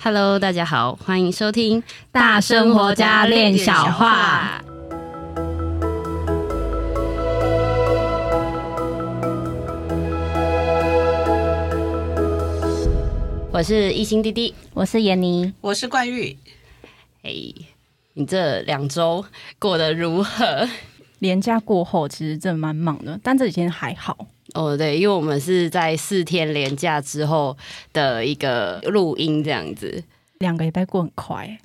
Hello，大家好，歡迎收聽大《大生活家練小話》。我是一興蒂蒂，我是妍妮，我是貫譽。誒、hey，你這兩週過得如何？連假過後，其實真的蠻忙的，但這幾天還好。哦、oh,，對，因為我們是在四天連假之後的一個錄音，這樣子，兩個禮拜過很快，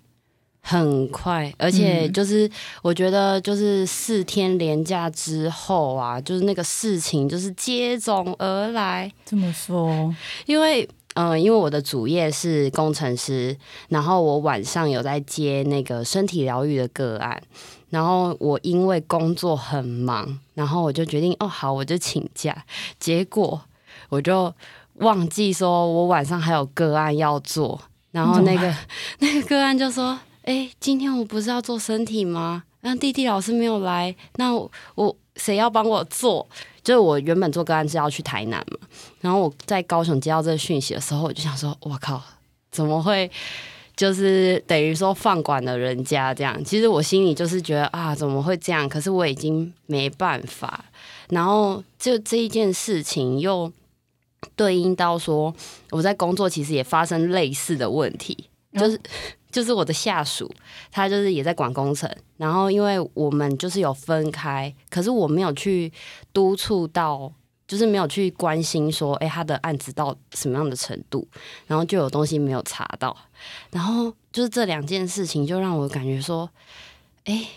很快，而且就是、嗯、我覺得就是四天連假之後啊，就是那個事情就是接踵而來。怎麼說？因為，嗯、呃，因為我的主業是工程師，然後我晚上有在接那個身體療癒的個案。然後我因為工作很忙，然後我就決定，哦，好，我就請假。結果我就忘記說我晚上還有個案要做。然後那個、啊、那個個案就說：“哎，今天我不是要做身體嗎？那、啊、弟弟老師沒有來，那我，我誰要幫我做？就是我原本做個案是要去台南嘛。然後我在高雄接到這個訊息的時候，我就想說：我靠，怎麼會？”就是等於說放管了人家這樣，其實我心裡就是覺得啊，怎麼會這樣？可是我已經沒辦法。然後就這一件事情又對應到說，我在工作其實也發生類似的問題，嗯、就是就是我的下屬他就是也在管工程，然後因為我們就是有分開，可是我沒有去督促到。就是沒有去關心說，哎、欸，他的案子到什麼樣的程度，然後就有東西沒有查到，然後就是這兩件事情就讓我感覺說，哎、欸，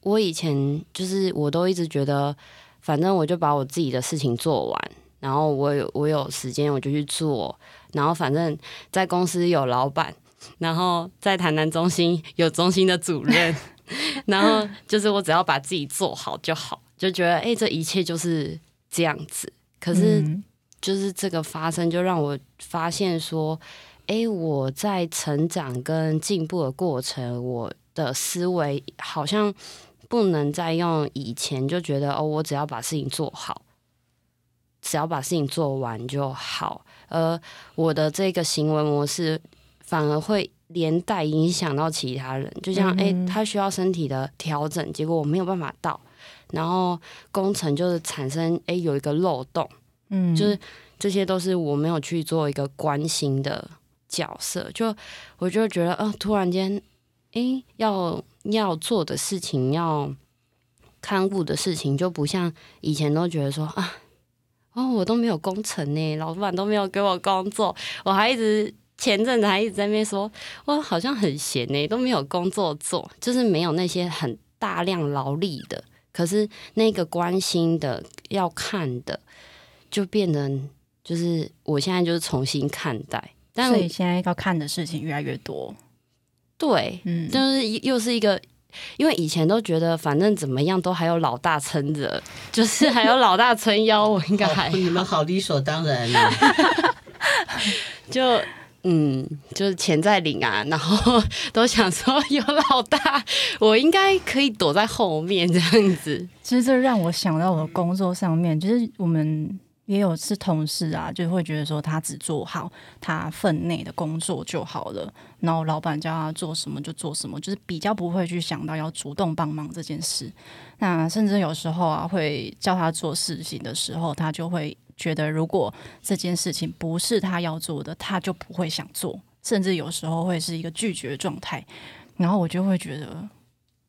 我以前就是我都一直覺得，反正我就把我自己的事情做完，然後我有我有時間我就去做，然後反正在公司有老闆，然後在台南中心有中心的主任， 然後就是我只要把自己做好就好，就覺得，哎、欸，這一切就是這樣子。可是，就是這個發生，就讓我發現說，誒、欸，我在成長跟進步的過程，我的思維好像不能再用以前就覺得，哦，我只要把事情做好，只要把事情做完就好。而我的這個行為模式反而會連帶影響到其他人，就像，誒、欸，他需要身體的調整，結果我沒有辦法到。然後工程就是產生哎、欸、有一個漏洞，嗯，就是這些都是我沒有去做一個關心的角色，就我就覺得啊、哦，突然間哎、欸、要要做的事情，要看護的事情，就不像以前都覺得說啊哦，我都沒有工程呢，老闆都沒有給我工作，我還一直，前陣子還一直在那邊說，我好像很閒呢，都沒有工作做，就是沒有那些很大量勞力的。可是那個關心的要看的就變成就是我現在就是重新看待，但所以現在要看的事情越來越多。對，嗯，就是又是一個，因為以前都覺得反正怎麼樣都還有老大撐着，就是還有老大撐腰，我應該還 你們好理所當然了， 就。嗯，就是錢在領啊，然後都想說有老大，我應該可以躲在後面這樣子。其實這讓我想到我的工作上面，就是我們也有次同事啊，就會覺得說他只做好他分內的工作就好了，然後老板叫他做什麼就做什麼，就是比較不會去想到要主動幫忙這件事。那甚至有時候啊，會叫他做事情的時候，他就會。覺得如果這件事情不是他要做的，他就不會想做，甚至有時候會是一個拒絕的狀態。然後我就會覺得，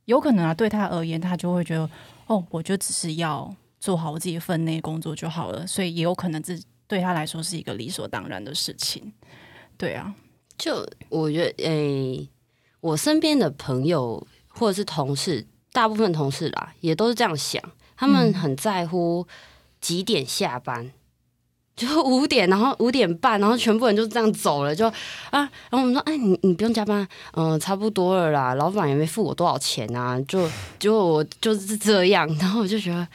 有可能啊，對他而言，他就會覺得，哦，我就只是要做好我自己分內工作就好了。所以也有可能這對他來說是一個理所當然的事情。對啊，就我覺得，誒，我身邊的朋友或者是同事，大部分同事啦，也都是這樣想。他們很在乎幾點下班。嗯就五點，然後五點半，然後全部人就這樣走了，就啊，然後我們說，哎，你你不用加班，嗯，差不多了啦，老闆也沒付我多少錢啊，就就我就是這樣，然後我就覺得，啊、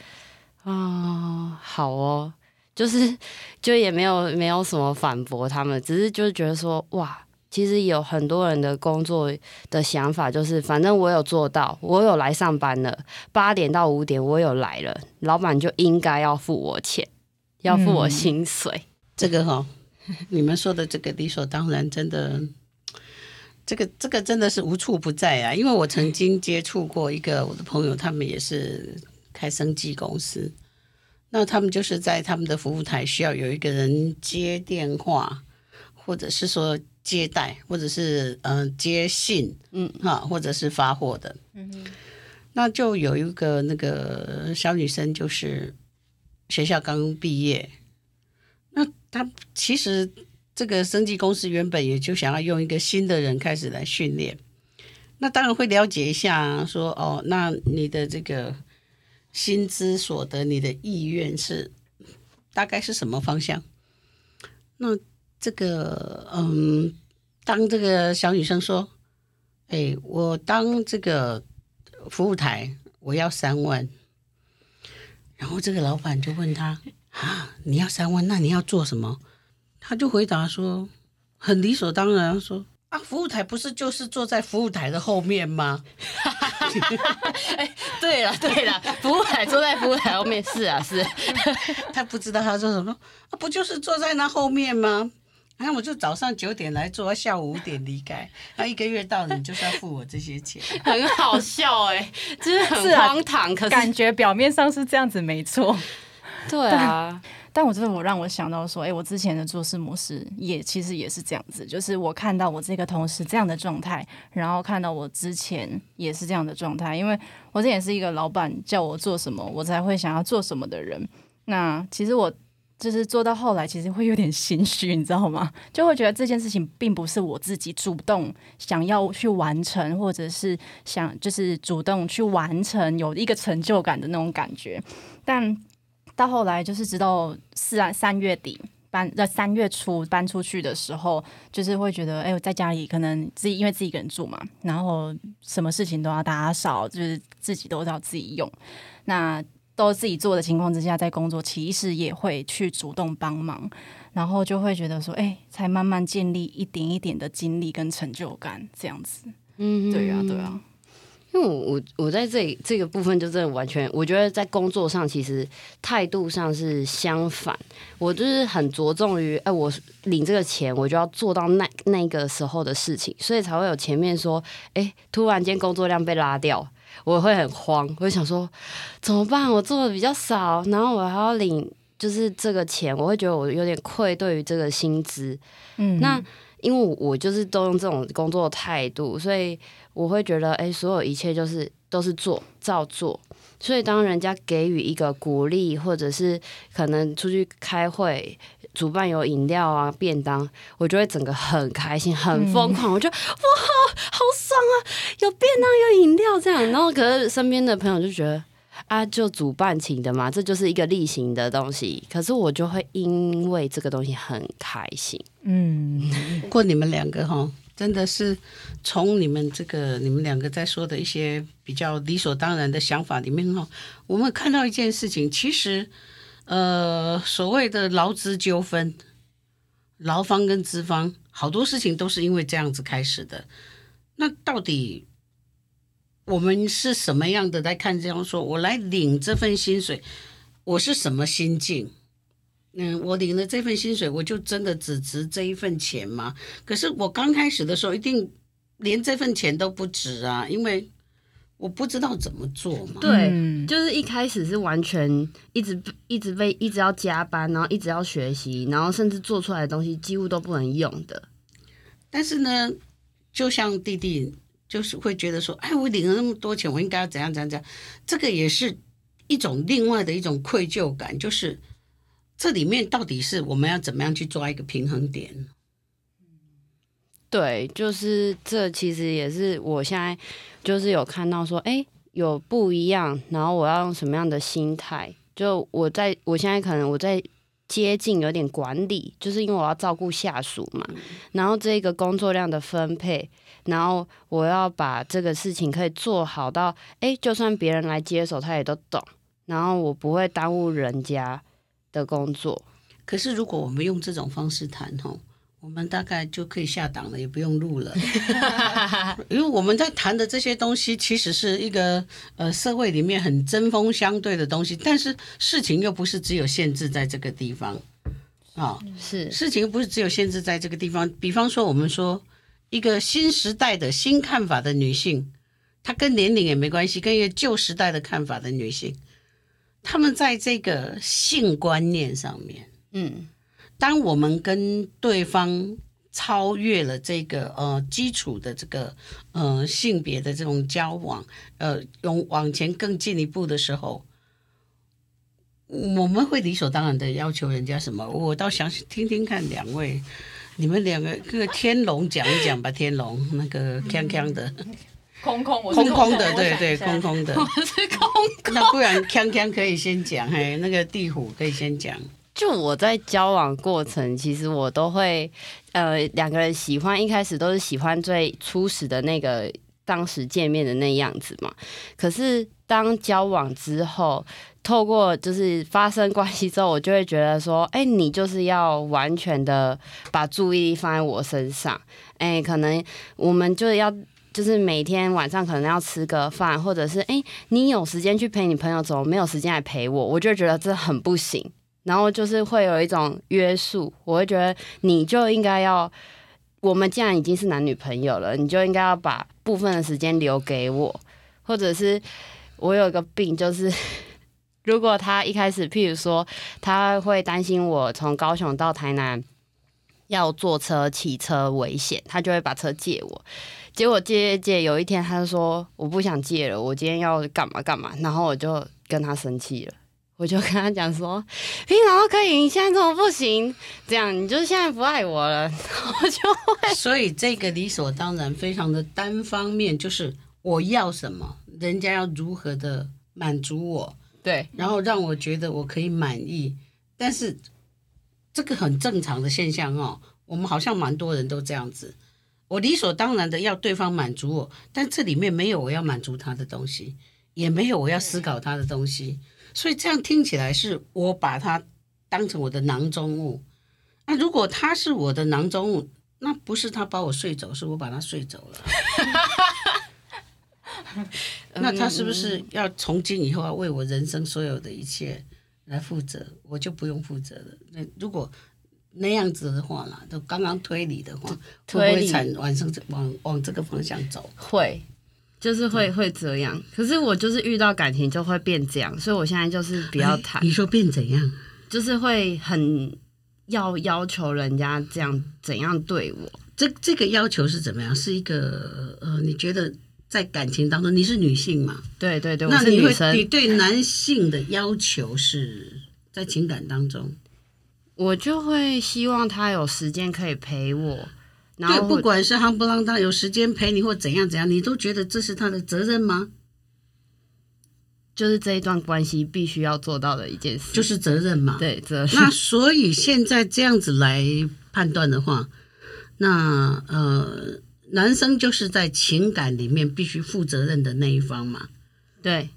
嗯，好哦，就是就也沒有沒有什麼反駁他們，只是就覺得說，哇，其實有很多人的工作的想法就是，反正我有做到，我有來上班了，八點到五點我有來了，老闆就應該要付我錢。要付我薪水，嗯、這個哈、哦，你們說的這個理所當然，真的， 這個這個真的是無處不在啊！因為我曾經接觸過一個我的朋友，他們也是開生技公司，那他們就是在他們的服務台需要有一個人接電話，或者是說接待，或者是嗯、呃、接信，嗯哈，或者是發貨的，嗯哼，那就有一個那個小女生就是。學校剛畢業，那他其實這個生技公司原本也就想要用一個新的人開始來訓練，那當然會了解一下說，說哦，那你的這個薪資所得，你的意願是大概是什麼方向？那這個嗯，當這個小女生說，哎，我當這個服務台，我要三萬。然後這個老闆就問他：“啊，你要三萬？那你要做什麼？”他就回答說：“很理所當然，說啊，服務台不是就是坐在服務台的後面嗎？” 哎，對了對了， 服務台坐在服務台後面是啊是， 他不知道他說什麼、啊，不就是坐在那後面嗎？那、啊、我就早上九點來做，下午五點離開。那、 啊、一個月到了，你就是要付我這些錢。 很好笑哎、欸，就是很荒唐是、啊可是。感覺表面上是這樣子，沒錯。對啊，但，但我真的我，讓我想到說，哎、欸，我之前的做事模式也其實也是這樣子。就是我看到我這個同事這樣的狀態，然後看到我之前也是這樣的狀態，因為我這也是一個老闆叫我做什麼，我才會想要做什麼的人。那其實我。就是做到後來，其實會有點心虛，你知道嗎？就會覺得這件事情並不是我自己主動想要去完成，或者是想就是主動去完成有一個成就感的那種感覺。但到後來，就是直到四啊，三月底搬，在三月初搬出去的時候，就是會覺得哎、欸、我在家裡可能自己，因為自己一個人住嘛，然後什麼事情都要打掃，就是自己都要自己用。那都自己做的情況之下，在工作其實也會去主動幫忙，然後就會覺得說，哎、欸，才慢慢建立一點一點的精力跟成就感這樣子。嗯，對呀、啊，對呀、啊。因為我我我在這裡這個部分就真的完全，我覺得在工作上其實態度上是相反，我就是很着重於，哎、啊，我領這個錢，我就要做到那那個時候的事情，所以才會有前面說，哎、欸，突然間工作量被拉掉。我會很慌，我會想說怎麼辦？我做的比較少，然後我還要領，就是這個錢，我會覺得我有點愧對於這個薪資。嗯，那因為我就是都用這種工作的態度，所以我會覺得，誒，所有一切就是都是做照做。所以當人家給予一個鼓勵，或者是可能出去開會。主辦有飲料啊，便當，我就會整個很開心，很瘋狂。嗯、我覺得哇，好爽啊！有便當，有飲料這樣。然後，可是身邊的朋友就覺得啊，就主辦請的嘛，這就是一個例行的東西。可是我就會因為這個東西很開心。嗯，不過你們兩個哈、哦，真的是從你們這個你們兩個在說的一些比較理所當然的想法裡面哈、哦，我們看到一件事情，其實。呃，所謂的勞資糾紛，勞方跟資方，好多事情都是因為這樣子開始的。那到底我們是什麼樣的來看這樣說，我來領這份薪水，我是什麼心境？嗯，我領了這份薪水，我就真的只值這一份錢嗎？可是我剛開始的時候，一定連這份錢都不值啊，因為。我不知道怎麼做嘛。對，就是一開始是完全一直一直被一直要加班，然後一直要學習，然後甚至做出來的東西幾乎都不能用的。但是呢，就像弟弟，就是會覺得說：“哎，我領了那麼多錢，我應該要怎樣怎樣怎樣。”這個也是一種另外的一種愧疚感，就是這裡面到底是我們要怎麼樣去抓一個平衡點？對，就是這其實也是我現在就是有看到說，哎，有不一樣。然後我要用什麼樣的心態？就我在我現在可能我在接近有點管理，就是因為我要照顧下屬嘛。然後這個工作量的分配，然後我要把這個事情可以做好到，哎，就算別人來接手，他也都懂。然後我不會耽誤人家的工作。可是如果我們用這種方式談，吼。我們大概就可以下檔了，也不用錄了， 因為我們在談的這些東西，其實是一個呃社會裡面很針鋒相對的東西。但是事情又不是只有限制在這個地方啊，哦，是事情又不是只有限制在這個地方。比方說，我們說一個新時代的新看法的女性，她跟年齡也沒關係，跟一個舊時代的看法的女性，她們在這個性觀念上面，嗯。當我們跟對方超越了這個呃基礎的這個呃性別的這種交往，呃，往往前更進一步的時候，我們會理所當然的要求人家什麼？我倒想聽聽看兩位，你們兩個這個天龍講一講吧，啊、天龍，天龍、嗯、那個康康的，空空，空，空空的，空對對，空空的，空空那不然康康可以先講，嘿，那個地虎可以先講。 就我在交往過程，其實我都會，呃，兩個人喜歡一開始都是喜歡最初始的那個當時見面的那樣子嘛。可是當交往之後，透過就是發生關係之後，我就會覺得說，哎、欸，你就是要完全的把注意力放在我身上，哎、欸，可能我們就要就是每天晚上可能要吃個飯，或者是哎、欸，你有時間去陪你朋友，走，沒有時間來陪我？我就覺得這很不行。然後就是會有一種約束，我會覺得你就應該要，我們既然已經是男女朋友了，你就應該要把部分的時間留給我，或者是我有一個病，就是如果他一開始，譬如說他會擔心我從高雄到台南要坐車騎車危險，他就會把車借我。結果借借借，有一天他就說我不想借了，我今天要幹嘛幹嘛，然後我就跟他生氣了。我就跟他講說，憑什麼可以，你現在這麼不行？這樣你就現在不愛我了，我就會。所以這個理所當然，非常的單方面，就是我要什麼，人家要如何的滿足我，對，然後讓我覺得我可以滿意。但是這個很正常的現象哦，我們好像蠻多人都這樣子。我理所當然的要對方滿足我，但這裡面沒有我要滿足他的東西，也沒有我要思考他的東西。所以這樣聽起來是我把他當成我的囊中物，那如果他是我的囊中物，那不是他把我睡走，是我把他睡走了。 那他是不是要從今以後要為我人生所有的一切來負責？我就不用負責了。那如果那樣子的話啦，就剛剛推理的話，會不會產往上往往這個方向走？會。就是會、嗯、會這樣，可是我就是遇到感情就會變這樣，所以我現在就是比較淡。哎、你說變怎樣？就是會很要要求人家這樣怎樣對我。這這個要求是怎麼樣？是一個呃，你覺得在感情當中你是女性嗎？對對對，那是女生。你對男性的要求是在情感當中，我就會希望他有時間可以陪我。然後對，不管是他不讓他有時間陪你，或怎樣怎樣，你都覺得這是他的責任嗎？就是這一段關係必須要做到的一件事，就是責任嘛。對，責任。那所以現在這樣子來判斷的話，那呃，男生就是在情感裡面必須負責任的那一方嘛。對。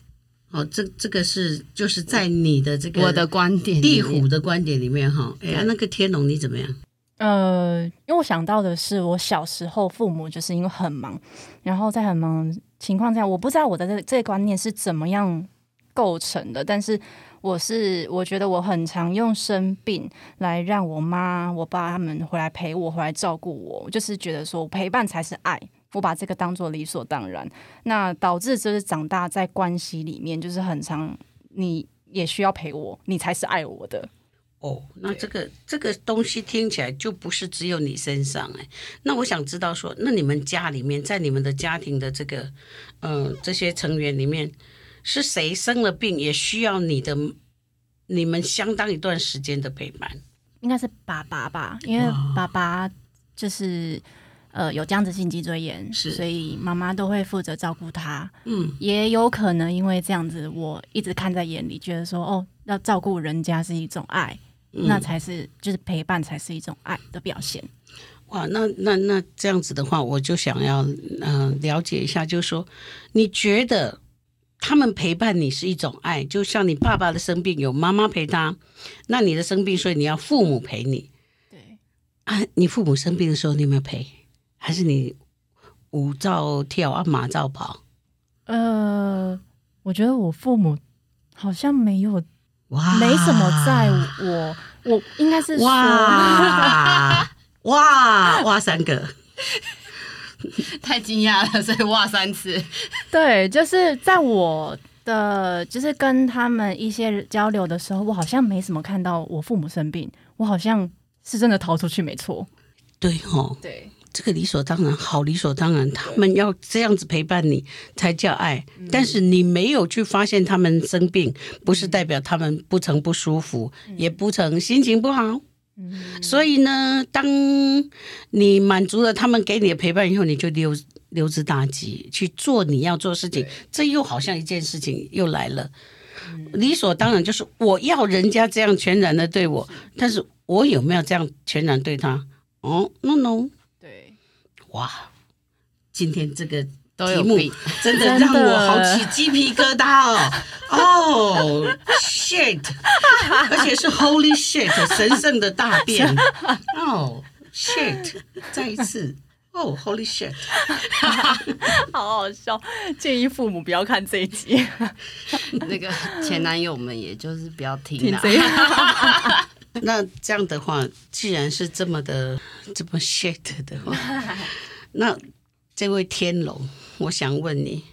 哦，這這個是就是在你的這個我的觀點，地虎的觀點裡面哈。哎，那個天龍，你怎麼樣？呃，因為我想到的是，我小時候父母就是因為很忙，然後在很忙情況下，我不知道我的這這觀念是怎麼樣構成的。但是，我是我覺得我很常用生病來讓我媽、我爸他們回來陪我，回來照顧我。我就是覺得說陪伴才是愛，我把這個當做理所當然。那導致就是長大在關係裡面，就是很常你也需要陪我，你才是愛我的。哦、那這個這個東西聽起來就不是只有你身上哎、欸，那我想知道說，那你們家裡面在你們的家庭的這個，嗯、呃，這些成員裡面是誰生了病也需要你的，你們相當一段時間的陪伴？應該是爸爸吧，因為爸爸就是、哦、呃有僵直性脊椎炎，是，所以媽媽都會負責照顧他。嗯，也有可能因為這樣子，我一直看在眼裡，覺得說哦，要照顧人家是一種愛。嗯、那才是就是陪伴，才是一種愛的表現。哇，那那那這樣子的話，我就想要嗯、呃、了解一下，就是說你覺得他們陪伴你是一種愛，就像你爸爸的生病有媽媽陪他，那你的生病，所以你要父母陪你。對啊，你父母生病的時候，你有沒有陪？還是你舞照跳啊，馬照跑？呃，我覺得我父母好像沒有。沒什麼，在我我，我應該是哇， 哇，哇哇三個， 太驚訝了，所以哇，三次。對，就是在我的就是跟他們一些交流的時候，我好像沒什麼看到我父母生病，我好像是真的逃出去沒錯。對哦，對。這個理所當然，好理所當然，他們要這樣子陪伴你才叫愛。嗯、但是你沒有去發現他們生病，不是代表他們不曾不舒服，嗯、也不曾心情不好，嗯。所以呢，當你滿足了他們給你的陪伴以後，你就溜溜之大吉，去做你要做事情。這又好像一件事情又來了，嗯，理所當然就是我要人家這樣全然的對我，是但是我有沒有這樣全然對他？哦、oh, no no。哇，今天這個題目真的讓我好起雞皮疙瘩哦！哦、oh,，shit，而且是 Holy shit，神聖的大便！哦、oh,，shit，再一次哦、oh,，Holy shit，好好笑，建議父母不要看這一集，那個前男友們也就是不要聽啊，聽這一集。那這樣的話，既然是這麼的這麼 shit 的話， 那這位天龍，我想問你，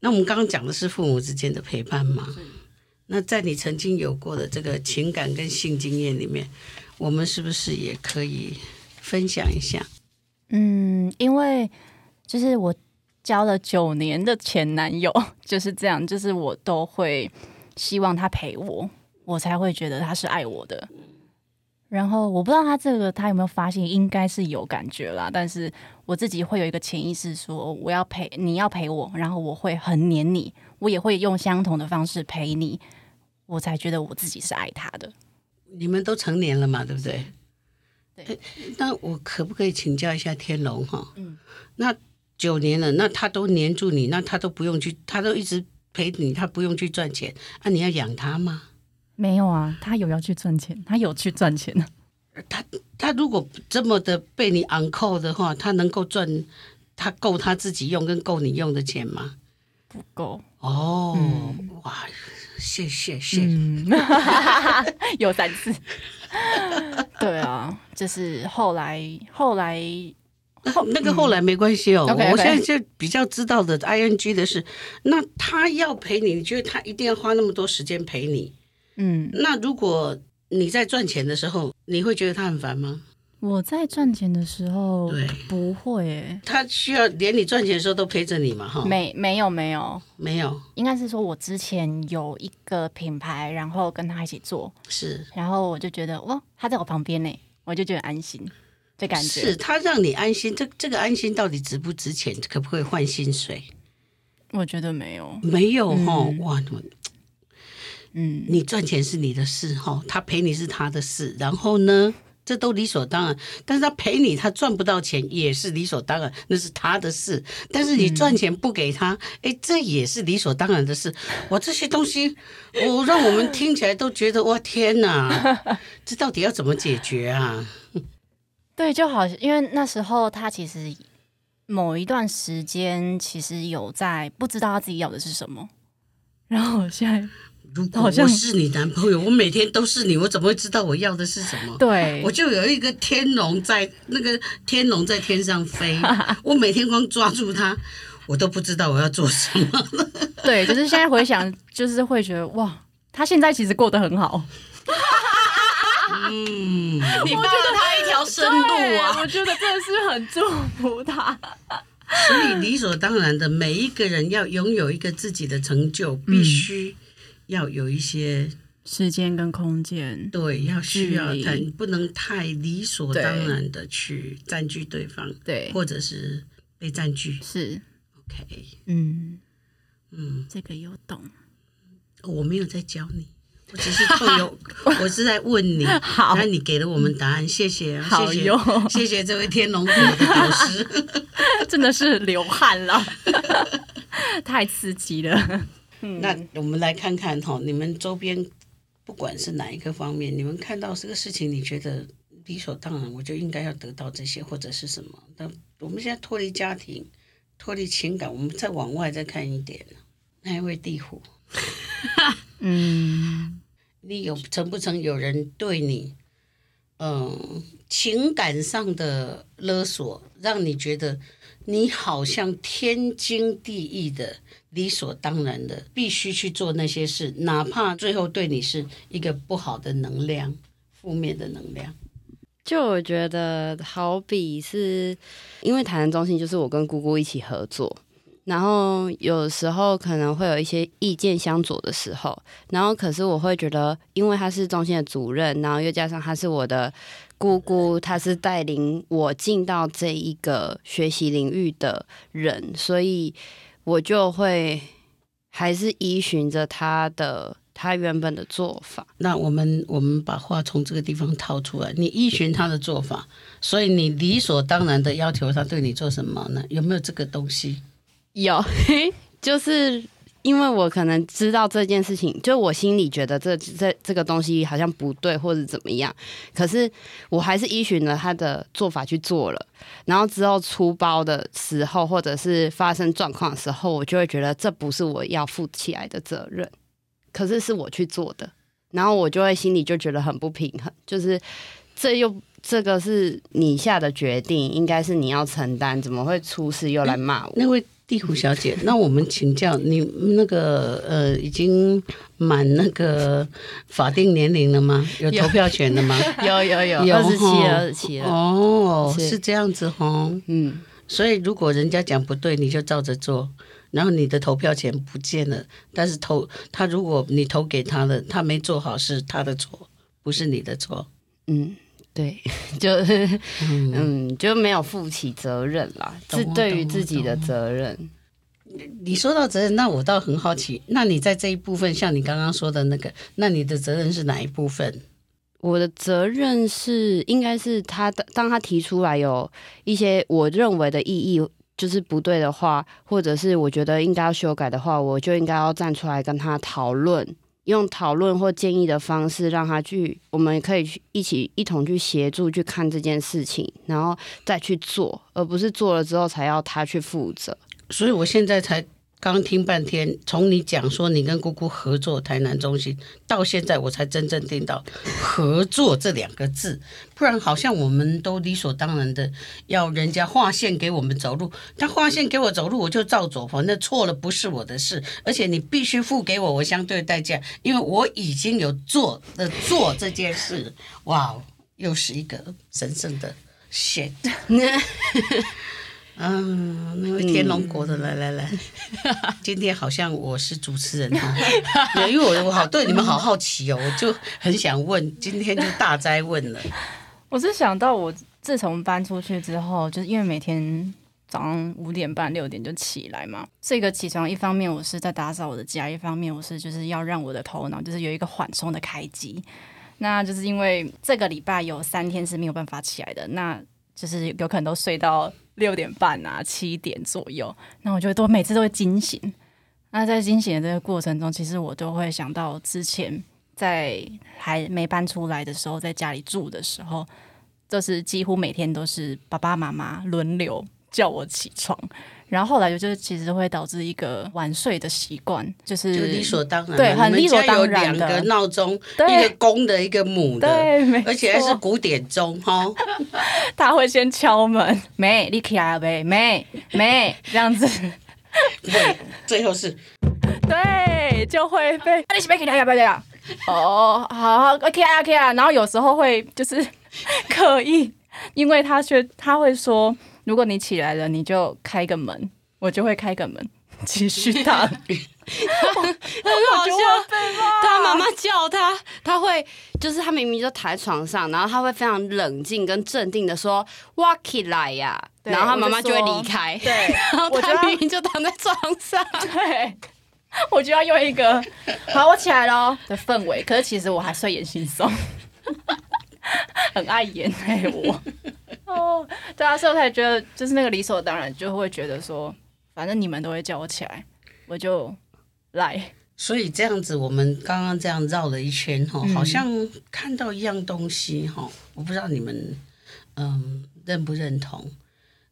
那我們剛剛講的是父母之間的陪伴嗎？那在你曾經有過的這個情感跟性經驗裡面，我們是不是也可以分享一下？嗯，因為就是我交了九年的前男友，就是這樣，就是我都會希望他陪我。我才會覺得他是愛我的，然後我不知道他這個他有沒有發現，應該是有感覺啦。但是我自己會有一個潛意識說，我要陪你要陪我，然後我會很黏你，我也會用相同的方式陪你，我才覺得我自己是愛他的。你們都成年了嘛，對不對？對。那我可不可以請教一下天龍哈、哦？嗯。那九年了，那他都黏住你，那他都不用去，他都一直陪你，他不用去賺錢，那、啊、你要養他嗎？沒有啊，他有要去賺錢，他有去賺錢、啊。他他如果這麼的被你按扣的話，他能夠賺，他夠他自己用跟夠你用的錢嗎？不夠。哦，嗯、哇，謝謝謝，嗯、 有三次 對啊，就是後來後來後那個後來沒關係哦。嗯、okay, okay. 我現在就比較知道的 i n g 的是，那他要陪你，你覺得他一定要花那麼多時間陪你？嗯，那如果你在賺錢的時候，你會覺得他很煩嗎？我在賺錢的時候，對，不會、欸。他需要連你賺錢的時候都陪着你嘛？哈，沒，沒有，沒有，沒有。應該是說我之前有一個品牌，然後跟他一起做，是。然後我就覺得，哇，他在我旁邊呢，我就覺得安心。這感覺是他讓你安心，這這個安心到底值不值錢？可不可以換薪水？我覺得沒有，沒有哈、嗯，哇。嗯，你賺錢是你的事哈、哦，他陪你是他的事，然後呢，這都理所當然。但是他陪你，他賺不到錢也是理所當然，那是他的事。但是你賺錢不給他，哎、嗯，這也是理所當然的事。我這些東西，我、 哦、讓我們聽起來都覺得哇，天哪，這到底要怎麼解決啊？ 對，就好像因為那時候他其實某一段時間其實有在不知道他自己要的是什麼，然後我現在。如果我是你男朋友，我每天都是你，我怎麼會知道我要的是什麼？對，我就有一個天龍在那個天龍在天上飛， 我每天光抓住他，我都不知道我要做什麼了。對，就是現在回想， 就是會覺得哇，他現在其實過得很好。 嗯，你幫了他一條生路啊我！我覺得真的是很祝福他。 所以理所當然的，每一個人要擁有一個自己的成就，必須、嗯。要有一些時間跟空間，對，要需要，但不能太理所當然的去佔據對方，對，或者是被佔據，是 OK，嗯嗯，這個有懂，我沒有在教你，我只是在用， 我是在問你，好， 你給了我們答案， 謝謝、啊，好謝，謝，謝謝這位天龍谷的老師， 真的是流汗了， 太刺激了。 那我們來看看哈，你們周邊不管是哪一個方面，你們看到這個事情，你覺得理所當然，我就應該要得到這些，或者是什麼？那我們現在脫離家庭，脫離情感，我們再往外再看一點，那一位地虎？嗯， 你有曾不曾有人對你，嗯、呃。情感上的勒索，讓你覺得你好像天經地義的、理所當然的，必須去做那些事，哪怕最後對你是一個不好的能量、負面的能量。就我覺得，好比是因為台南中心就是我跟姑姑一起合作，然後有時候可能會有一些意見相左的時候，然後可是我會覺得，因為他是中心的主任，然後又加上他是我的。姑姑，她是帶領我進到這一個學習領域的人，所以我就會還是依循着她的，她原本的做法。那我們我們把話從這個地方套出來，你依循她的做法，所以你理所當然的要求她對你做什麼呢？有沒有這個東西？有， 就是。因為我可能知道這件事情，就我心裡覺得這這這個東西好像不對或者怎麼樣，可是我還是依循了他的做法去做了。然後之後出包的時候，或者是發生狀況的時候，我就會覺得這不是我要負起來的責任，可是是我去做的，然後我就會心裡就覺得很不平衡，就是這又這個是你下的決定，應該是你要承擔，怎麼會出事又來罵我？嗯，那會地虎小姐，那我們請教 你那個呃，已經滿那個法定年齡了嗎？有投票權了嗎？有 有有，有。有有有哦是，是這樣子哦。嗯，所以如果人家講不對，你就照着做，然後你的投票權不見了。但是投他，如果你投給他了，他沒做好是他的錯，不是你的錯。嗯。對，就嗯，嗯，就沒有負起責任啦，啊，是對於自己的責任，啊啊。你說到責任，那我倒很好奇，那你在這一部分，像你剛剛說的那個，那你的責任是哪一部分？我的責任是，應該是他，當他提出來有一些我認為的意義就是不對的話，或者是我覺得應該要修改的話，我就應該要站出來跟他討論。用討論或建議的方式讓他去，我們可以去一起一同去協助去看這件事情，然後再去做，而不是做了之後才要他去負責。所以我現在才。剛聽半天，從你講說你跟姑姑合作台南中心，到現在我才真正聽到“合作”這兩個字。不然好像我們都理所當然的要人家畫線給我們走路，他畫線給我走路，我就照走。反正錯了不是我的事，而且你必須付給我我相對代價，因為我已經有做的、呃、做這件事。哇，又是一個神聖的 shit。 嗯，那位天龍國的、嗯，來來來，今天好像我是主持人，啊， 因為我，我我好對你們好好奇哦， 我就很想問，今天就大災問了。我是想到我自從搬出去之後，就是因為每天早上五點半六點就起來嘛，這個起床一方面我是在打掃我的家，一方面我是就是要讓我的頭腦就是有一個緩衝的開機。那就是因為這個禮拜有三天是沒有辦法起來的，那就是有可能都睡到。六點半啊，七點左右，那我就都每次都會驚醒。那在驚醒的這個過程中，其實我都會想到之前在還沒搬出來的時候，在家裡住的時候，就是幾乎每天都是爸爸媽媽輪流叫我起床。然後後來就是其實會導致一個晚睡的習慣，就是理所當然的，對，很理所當然的，我們家有兩個鬧鐘，一個公的，一個母的，對，而且還是古典鐘哈， 他會先敲門，沒，你起來唄、啊，沒，沒， 這樣子，對， 最後是，對，就會被，那、啊、你們要不要這樣，要不要這樣？ 哦，好，OK 啊，OK 啊，然後有時候會就是刻意，因為他卻他會說。如果你起來了，你就開個門，我就會開個門，繼續打 他 很好笑， 他媽媽叫他， 他會就是他明明就躺在床上，然後他會非常冷靜跟鎮定的說我起來呀、啊。”然後他媽媽就會離開。對，然後他明明就躺在床上。對， 明明就我，就對我就要用一個 “ 好，我起來囉”的氛圍。可是其實我還睡眼惺忪， 很愛演哎我。 哦， 對啊，所以才覺得，就是那個理所當然，就會覺得說，反正你們都會叫我起來，我就來、like。所以這樣子，我們剛剛這樣繞了一圈哈、哦嗯，好像看到一樣東西哈、哦，我不知道你們嗯認不認同。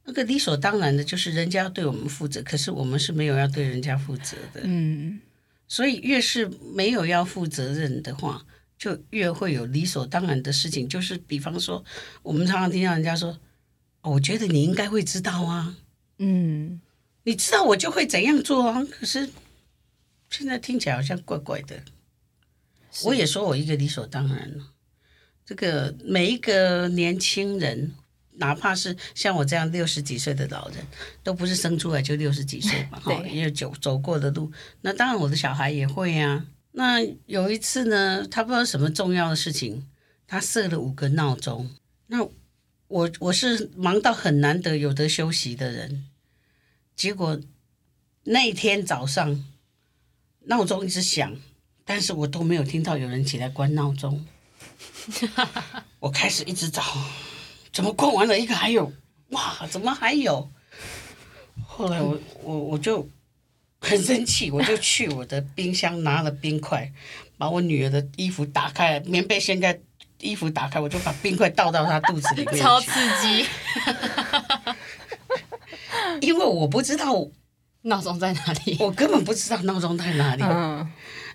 那個理所當然的就是人家要對我們負責，可是我們是沒有要對人家負責的。嗯，所以越是沒有要負責任的話，就越會有理所當然的事情，就是比方說，我們常常聽到人家說：“哦，我覺得你應該會知道啊，嗯，你知道我就會怎樣做啊。”可是現在聽起來好像怪怪的。我也說我一個理所當然了。這個每一個年輕人，哪怕是像我這樣六十幾歲的老人，都不是生出來就六十幾歲嘛，哦， 也有走走過的路。那當然，我的小孩也會啊。那有一次呢，他不知道什麼重要的事情，他設了五個鬧鐘。那我我是忙到很難得有得休息的人，結果那天早上鬧鐘一直響，但是我都沒有聽到有人起來關鬧鐘。 我開始一直找，怎麼關完了一個還有？哇，怎麼還有？後來我我我就。很生氣，我就去我的冰箱 拿了冰塊，把我女兒的衣服打開，棉被掀開，衣服打開，我就把冰塊倒到她肚子裡面 超刺激！ 因為我不知道鬧鐘在哪裡， 我根本不知道鬧鐘在哪裡。嗯、uh.，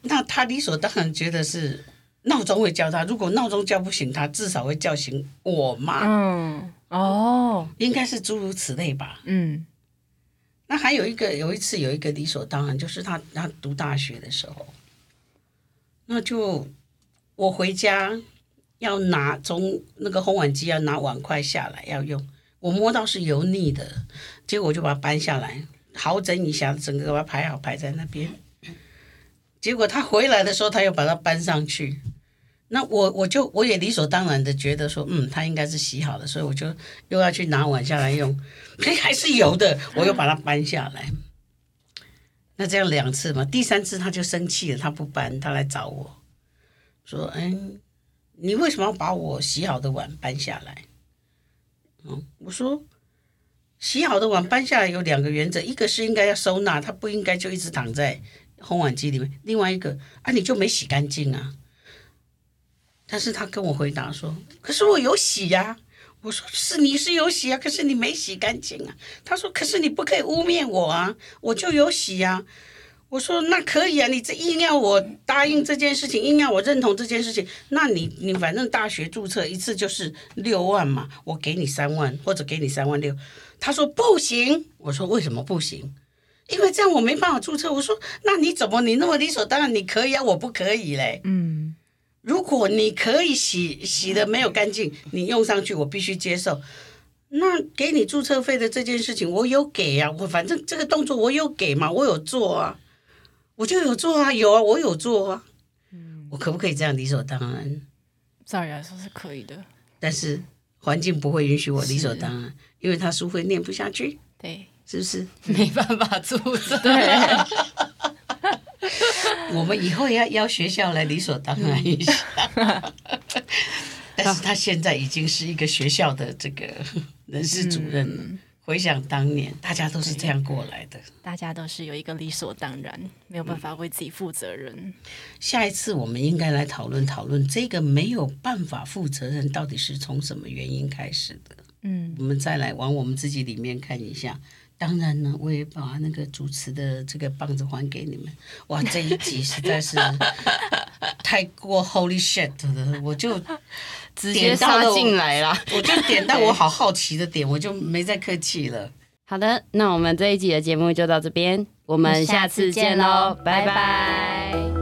那他理所當然覺得是鬧鐘會叫他，如果鬧鐘叫不醒他，至少會叫醒我媽。嗯，哦，應該是諸如此類吧。嗯、um.。那還有一個，有一次有一個理所當然，就是他他讀大學的時候，那就我回家要拿從那個烘碗機要拿碗筷下來要用，我摸到是油膩的，結果我就把它搬下來，好整一下，整個把它排好，排在那邊，結果他回來的時候，他又把它搬上去。那我我就我也理所當然的覺得說，嗯，他應該是洗好了，所以我就又要去拿碗下來用，可以還是有的，我又把它搬下來。那這樣兩次嘛，第三次他就生氣了，他不搬，他來找我說，嗯、哎，你為什麼要把我洗好的碗搬下來？嗯，我說洗好的碗搬下來有兩個原則，一個是應該要收納，他不應該就一直躺在烘碗機裡面；另外一個啊，你就沒洗乾淨啊。但是他跟我回答說：“可是我有洗呀。”我說：“是你是有洗啊，可是你沒洗乾淨啊。”他說：“可是你不可以汙衊我啊，我就有洗呀。”我說：“那可以啊，你這硬要我答應這件事情，硬要我認同這件事情，那你你反正大學註冊一次就是六萬嘛，我給你三萬或者給你三萬六。”他說：“不行。”我說：“為什麼不行？因為這樣我沒辦法註冊。”我說：“那你怎麼你那麼理所當然，你可以啊，我不可以嘞。”嗯。如果你可以洗，洗的沒有乾淨，你用上去我必須接受。那給你註冊費的這件事情，我有給啊，我反正這個動作我有給嘛，我有做啊，我就有做啊，有啊，我有做啊。嗯，我可不可以這樣理所當然？照理來說是可以的，但是環境不會允許我理所當然，因為他書會唸不下去。對，是不是沒辦法註冊？ 對。 我們以後要邀學校來，理所當然一下。 但是他現在已經是一個學校的這個人事主任。回想當年、嗯，大家都是這樣過來的。大家都是有一個理所當然，沒有辦法為自己負責任。嗯、下一次我們應該來討論討論這個沒有辦法負責任到底是從什麼原因開始的？嗯，我們再來往我們自己裡面看一下。當然了，我也把那個主持的這個棒子還給你們。哇，這一集實在是太過 Holy Shit 了，我就直接插進來了，了我我，我就點到我好好奇的點，我就沒再客氣了。好的，那我們這一集的節目就到這邊，我們下次見嘍，拜拜。拜拜。